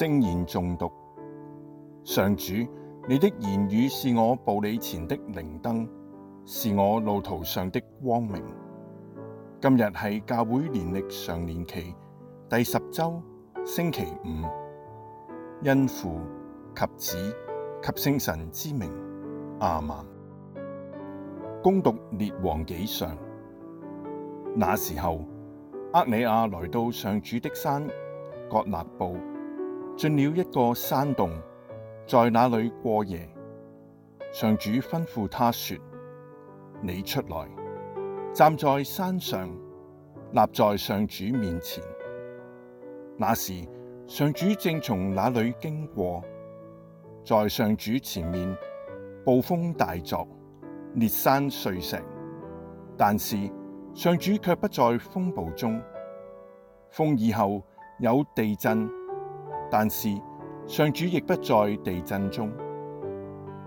聖言誦讀。上主，你的言語是我步你前的靈燈，是我路途上的光明。今日係教會年曆常年期第十周星期五，因父及子及聖神之名，阿們。恭讀列王紀上，那時候厄里亞來到上主的山曷勒布。進了一個山洞，在那裏過夜。上主吩咐他說：你出來，站在山上，立在上主面前。那時上主正從那裏經過，在上主前面，暴風大作，裂山碎石。但是上主却不在風暴中。風以後有地震。但是上主亦不在地震中，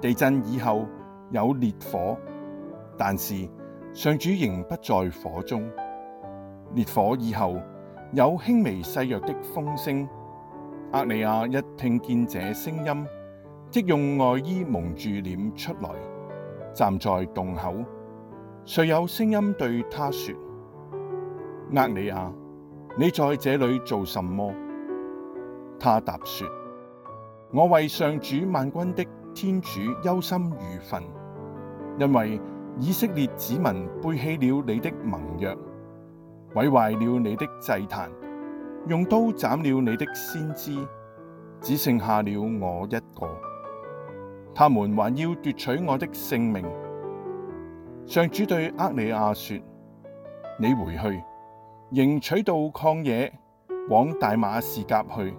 地震以後有烈火，但是上主仍不在火中。烈火以後有輕微細弱的風聲。厄里亞一聽見這聲音，即用外衣蒙住臉出來，站在洞口。遂有聲音對他說：厄里亞，你在這裏做什麼？他答說：我為上主萬軍的天主憂心如焚，因為以色列子民背棄了你的盟約，毀壞了你的祭壇，用刀斬了你的先知，只剩下了我一個。他們還要奪取我的性命。上主對厄里亞說：你回去，仍取道曠野，往大馬士革去。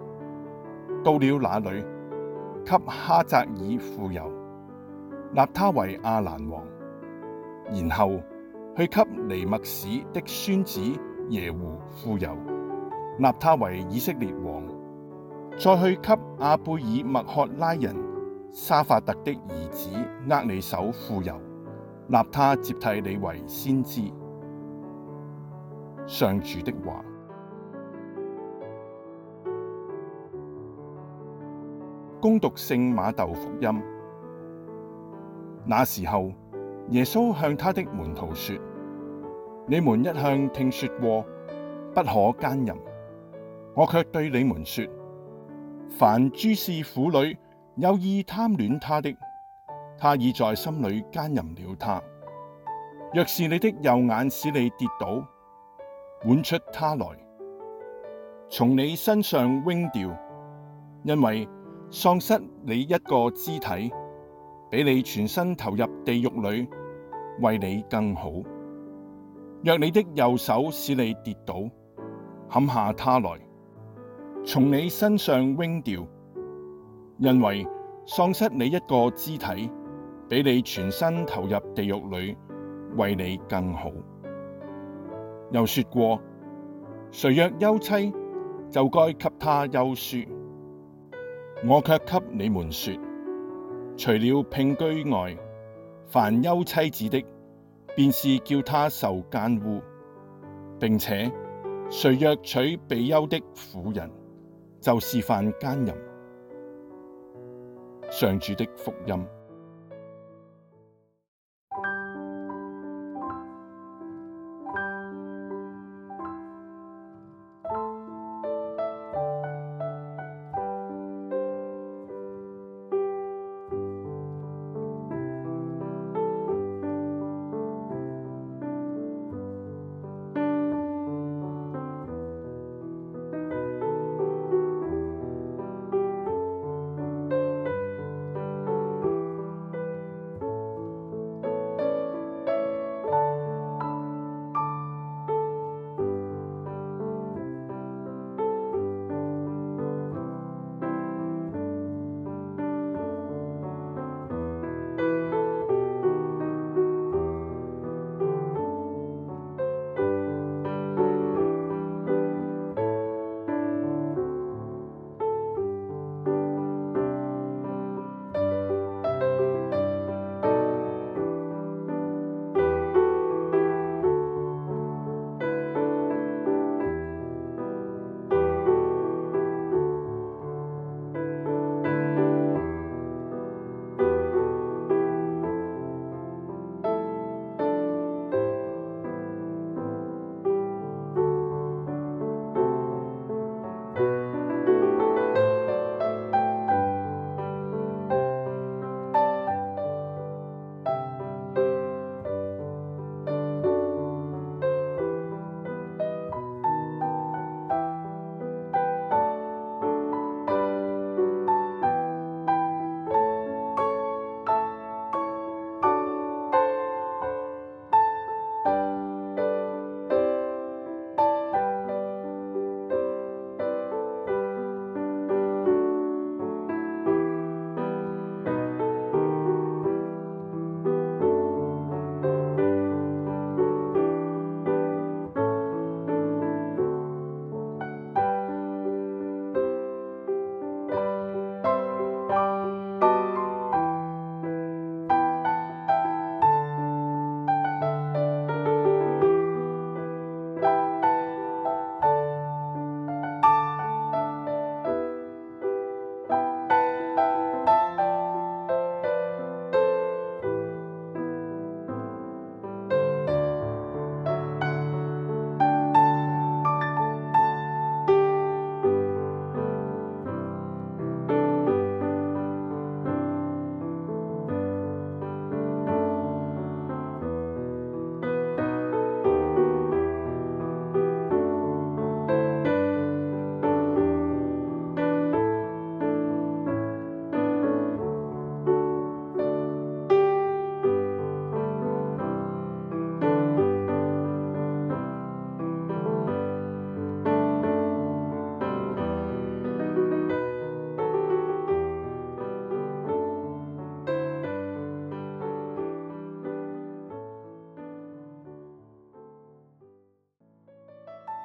到了那裏，給哈匝耳傅油，立他為阿蘭王；然後去給尼默史的孫子耶胡傅油，立他為以色列王；再去給阿貝耳默曷拉人沙法特的兒子厄里叟傅油，立他接替你為先知。上主的話。恭讀聖馬竇福音，那時候，耶穌向他的門徒說：你們一向聽說過不可姦淫，我却對你們說，凡注視婦女有意貪戀他的，他已在心裏姦淫了他。若是你的右眼使你跌倒，剜出他來，從你身上扔掉，因為。喪失你一個肢體，比你全身投入地獄裏，為你更好。若你的右手使你跌倒，砍下它來，從你身上扔掉，因為喪失你一個肢體，比你全身投入地獄裏，為你更好。又說過，誰若休妻，就該給她休書。我卻給你們說，除了姘居外，凡休妻子的，便是叫她受姦污，並且誰若娶被休的婦人，就是犯姦淫。上主的福音。